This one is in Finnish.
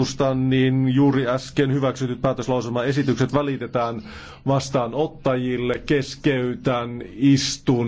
vastusta, niin juuri äsken hyväksytyt päätöslauselmaesitykset välitetään vastaanottajille. Keskeytän istun.